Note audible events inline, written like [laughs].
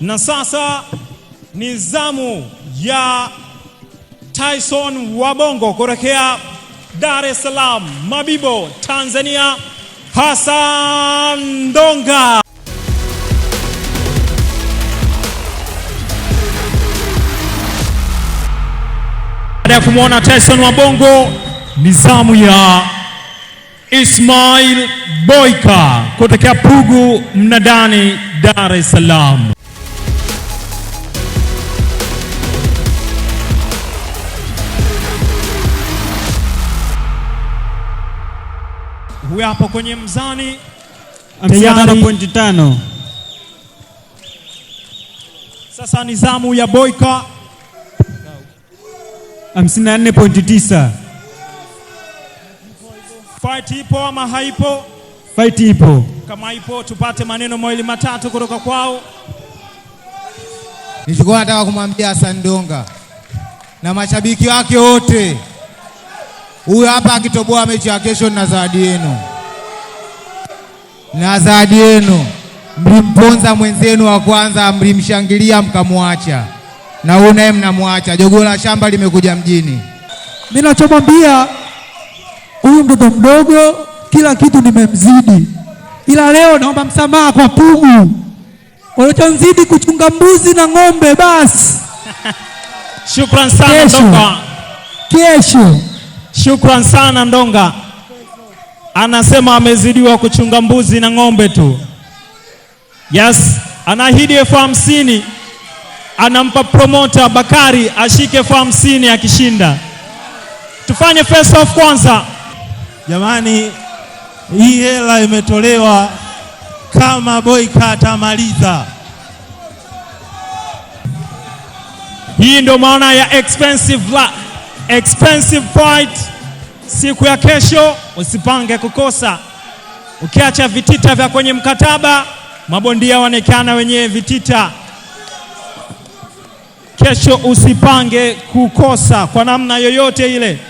Na sasa ni zamu ya Tyson Wabongo kuelekea Dar es Salaam, Mabibo, Tanzania, Hassan Ndonga. Baada ya kumwona Tyson Wabongo, ni zamu ya Ismail Boyka kuelekea Pugu mnadani, Dar es Salaam. huyo hapo kwenye mzani pointi tano. Sasa ni zamu ya Boyka 54.9. Fight ipo ama haipo? Fight ipo. Kama ipo tupate maneno mawili matatu kutoka kwao. Nilikuwa nataka kumwambia Sandonga na mashabiki wake wote Huyu hapa akitoboa mechi ya kesho na zawadi yenu, na zawadi yenu. Mlimponza mwenzenu wa kwanza, mlimshangilia mkamwacha, na huyu naye mnamwacha. Jogoo la shamba limekuja mjini. Mimi nachomwambia huyu mtoto mdogo, kila kitu nimemzidi, ila leo naomba msamaha kwa Pugu walichonzidi kuchunga mbuzi na ng'ombe. Basi [laughs] shukrani sana. Kesho Shukran sana Ndonga, anasema amezidiwa kuchunga mbuzi na ng'ombe tu. Yes, anaahidi elfu hamsini anampa promota Bakari ashike elfu hamsini akishinda. Tufanye face off kwanza. Jamani, hii hela imetolewa kama boika atamaliza. Hii ndio maana ya expensive la expensive fight siku ya kesho, usipange kukosa. Ukiacha vitita vya kwenye mkataba, mabondia waonekana wenyewe vitita. Kesho usipange kukosa kwa namna yoyote ile.